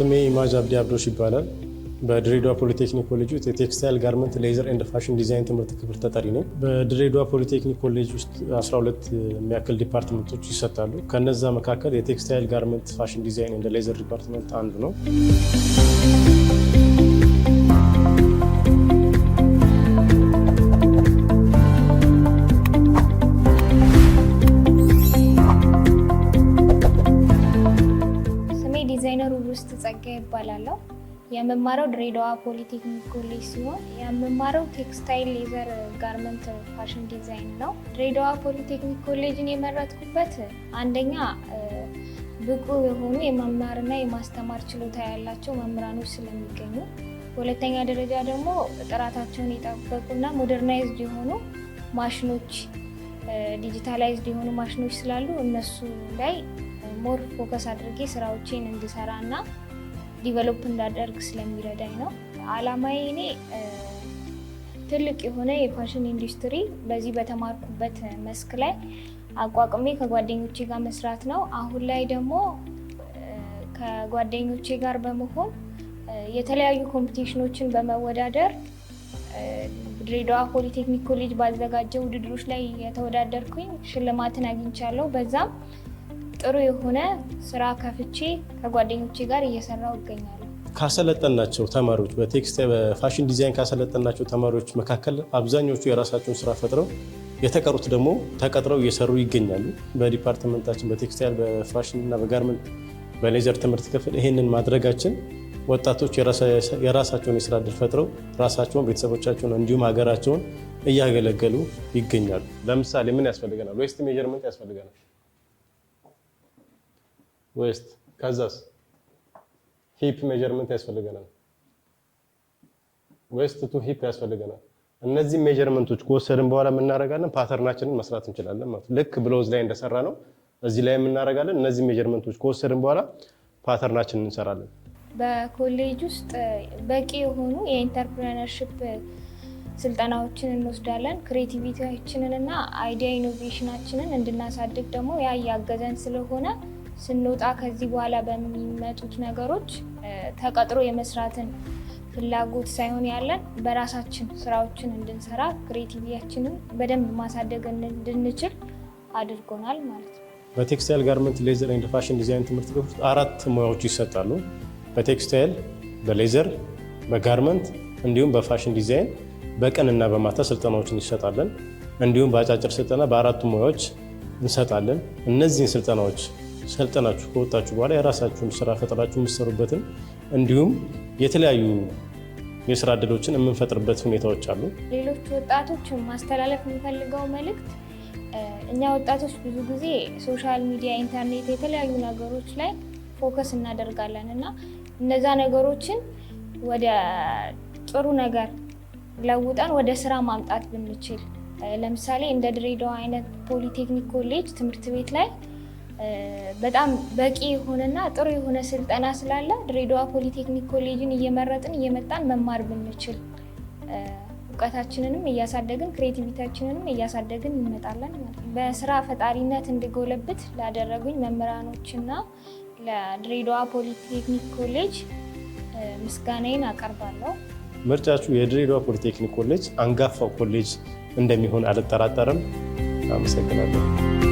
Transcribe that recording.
ስሜ ኢማጅ አብዲ አብዶሽ ይባላል። በድሬዳዋ ፖሊቴክኒክ ኮሌጅ ውስጥ የቴክስታይል ጋርመንት ሌዘር ኤንድ ፋሽን ዲዛይን ትምህርት ክፍል ተጠሪ ነኝ። በድሬዳዋ ፖሊቴክኒክ ኮሌጅ ውስጥ 12 የሚያክል ዲፓርትመንቶች ይሰጣሉ። ከነዛ መካከል የቴክስታይል ጋርመንት ፋሽን ዲዛይን ኤንድ ሌዘር ዲፓርትመንት አንዱ ነው። ዲዛይነሩ ውስጥ ጸጋ ይባላለሁ። የምማረው ድሬዳዋ ፖሊቴክኒክ ኮሌጅ ሲሆን የምማረው ቴክስታይል፣ ሌዘር፣ ጋርመንት ፋሽን ዲዛይን ነው። ድሬዳዋ ፖሊቴክኒክ ኮሌጅን የመረጥኩበት አንደኛ ብቁ የሆኑ የመማርና የማስተማር ችሎታ ያላቸው መምህራኖች ስለሚገኙ፣ በሁለተኛ ደረጃ ደግሞ ጥራታቸውን የጠበቁና ሞደርናይዝድ የሆኑ ማሽኖች ዲጂታላይዝድ የሆኑ ማሽኖች ስላሉ እነሱ ላይ ሞር ፎከስ አድርጌ ስራዎችን እንድሰራ እና ዲቨሎፕ እንዳደርግ ስለሚረዳኝ ነው። አላማዬ እኔ ትልቅ የሆነ የፋሽን ኢንዱስትሪ በዚህ በተማርኩበት መስክ ላይ አቋቁሜ ከጓደኞቼ ጋር መስራት ነው። አሁን ላይ ደግሞ ከጓደኞቼ ጋር በመሆን የተለያዩ ኮምፒቲሽኖችን በመወዳደር ድሬዳዋ ፖሊቴክኒክ ኮሌጅ ባዘጋጀው ውድድሮች ላይ የተወዳደርኩኝ ሽልማትን አግኝቻለሁ። በዛም ጥሩ የሆነ ስራ ከፍቼ ከጓደኞቼ ጋር እየሰራው እገኛለሁ። ካሰለጠናቸው ተማሪዎች በቴክስት በፋሽን ዲዛይን ካሰለጠናቸው ተማሪዎች መካከል አብዛኞቹ የራሳቸውን ስራ ፈጥረው የተቀሩት ደግሞ ተቀጥረው እየሰሩ ይገኛሉ። በዲፓርትመንታችን በቴክስታይል በፋሽን እና በጋርመንት በሌዘር ትምህርት ክፍል ይህንን ማድረጋችን ወጣቶች የራሳቸውን የስራ እድል ፈጥረው ራሳቸውን፣ ቤተሰቦቻቸውን እንዲሁም ሀገራቸውን እያገለገሉ ይገኛሉ። ለምሳሌ ምን ያስፈልገናል? ዌስት ሜጀርመንት ያስፈልገናል። ዌስት ከዛስ ሂፕ ሜጀርመንት ያስፈልገናል። ዌስት ቱ ሂፕ ያስፈልገናል። እነዚህ ሜጀርመንቶች ከወሰድን በኋላ የምናደርጋለን ፓተርናችንን መስራት እንችላለን ማለት ነው። ልክ ብሎዝ ላይ እንደሰራ ነው እዚህ ላይ የምናደርጋለን። እነዚህ ሜጀርመንቶች ከወሰድን በኋላ ፓተርናችንን እንሰራለን። በኮሌጅ ውስጥ በቂ የሆኑ የኢንተርፕረነርሽፕ ስልጠናዎችን እንወስዳለን። ክሬቲቪቲያችንን እና አይዲያ ኢኖቬሽናችንን እንድናሳድግ ደግሞ ያ እያገዘን ስለሆነ ስንወጣ ከዚህ በኋላ በሚመጡት ነገሮች ተቀጥሮ የመስራትን ፍላጎት ሳይሆን ያለን በራሳችን ስራዎችን እንድንሰራ ክሬቲቪያችንም በደንብ ማሳደግ እንድንችል አድርጎናል ማለት ነው። በቴክስታይል ጋርመንት፣ ሌዘር ኤንድ ፋሽን ዲዛይን ትምህርት ክፍል አራት ሙያዎች ይሰጣሉ። በቴክስታይል፣ በሌዘር፣ በጋርመንት እንዲሁም በፋሽን ዲዛይን በቀንና በማታ ስልጠናዎችን ይሰጣለን። እንዲሁም በአጫጭር ስልጠና በአራቱ ሙያዎች እንሰጣለን። እነዚህን ስልጠናዎች ሰልጠናችሁ ከወጣችሁ በኋላ የራሳችሁን ስራ ፈጥራችሁ የምትሰሩበትን እንዲሁም የተለያዩ የስራ እድሎችን የምንፈጥርበት ሁኔታዎች አሉ። ሌሎች ወጣቶች ማስተላለፍ የምፈልገው መልእክት እኛ ወጣቶች ብዙ ጊዜ ሶሻል ሚዲያ፣ ኢንተርኔት፣ የተለያዩ ነገሮች ላይ ፎከስ እናደርጋለን እና እነዛ ነገሮችን ወደ ጥሩ ነገር ለውጠን ወደ ስራ ማምጣት ብንችል ለምሳሌ እንደ ድሬዳዋ አይነት ፖሊቴክኒክ ኮሌጅ ትምህርት ቤት ላይ በጣም በቂ የሆነና ጥሩ የሆነ ስልጠና ስላለ ድሬዳዋ ፖሊቴክኒክ ኮሌጅን እየመረጥን እየመጣን መማር ብንችል እውቀታችንንም እያሳደግን ክሬቲቪታችንንም እያሳደግን እንመጣለን ማለት ነው። በስራ ፈጣሪነት እንድጎለብት ላደረጉኝ መምህራኖችና ለድሬዳዋ ፖሊቴክኒክ ኮሌጅ ምስጋናዬን አቀርባለሁ። ምርጫችሁ የድሬዳዋ ፖሊቴክኒክ ኮሌጅ አንጋፋው ኮሌጅ እንደሚሆን አልጠራጠርም። አመሰግናለሁ።